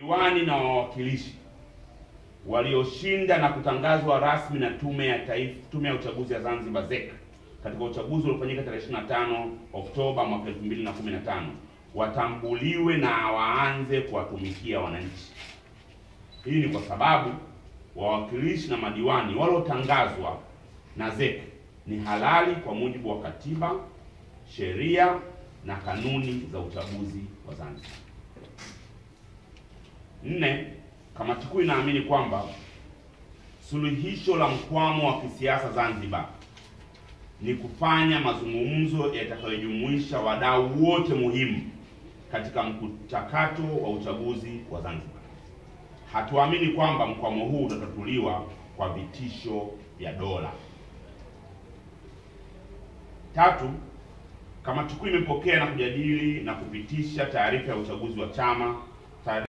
diwani na wawakilishi walioshinda na kutangazwa rasmi na Tume ya Taifa, Tume ya Uchaguzi ya Zanzibar ZEC katika uchaguzi uliofanyika tarehe 25 Oktoba mwaka 2015 watambuliwe na waanze kuwatumikia wananchi. Hii ni kwa sababu wawakilishi na madiwani waliotangazwa na ZEC ni halali kwa mujibu wa katiba, sheria na kanuni za uchaguzi wa Zanzibar. Nne, kamati kuu inaamini kwamba suluhisho la mkwamo wa kisiasa Zanzibar ni kufanya mazungumzo yatakayojumuisha wadau wote muhimu katika mchakato wa uchaguzi wa Zanzibar. Hatuamini kwamba mkwamo huu utatatuliwa kwa vitisho vya dola. Tatu, kamati kuu imepokea na kujadili na kupitisha taarifa ya uchaguzi wa chama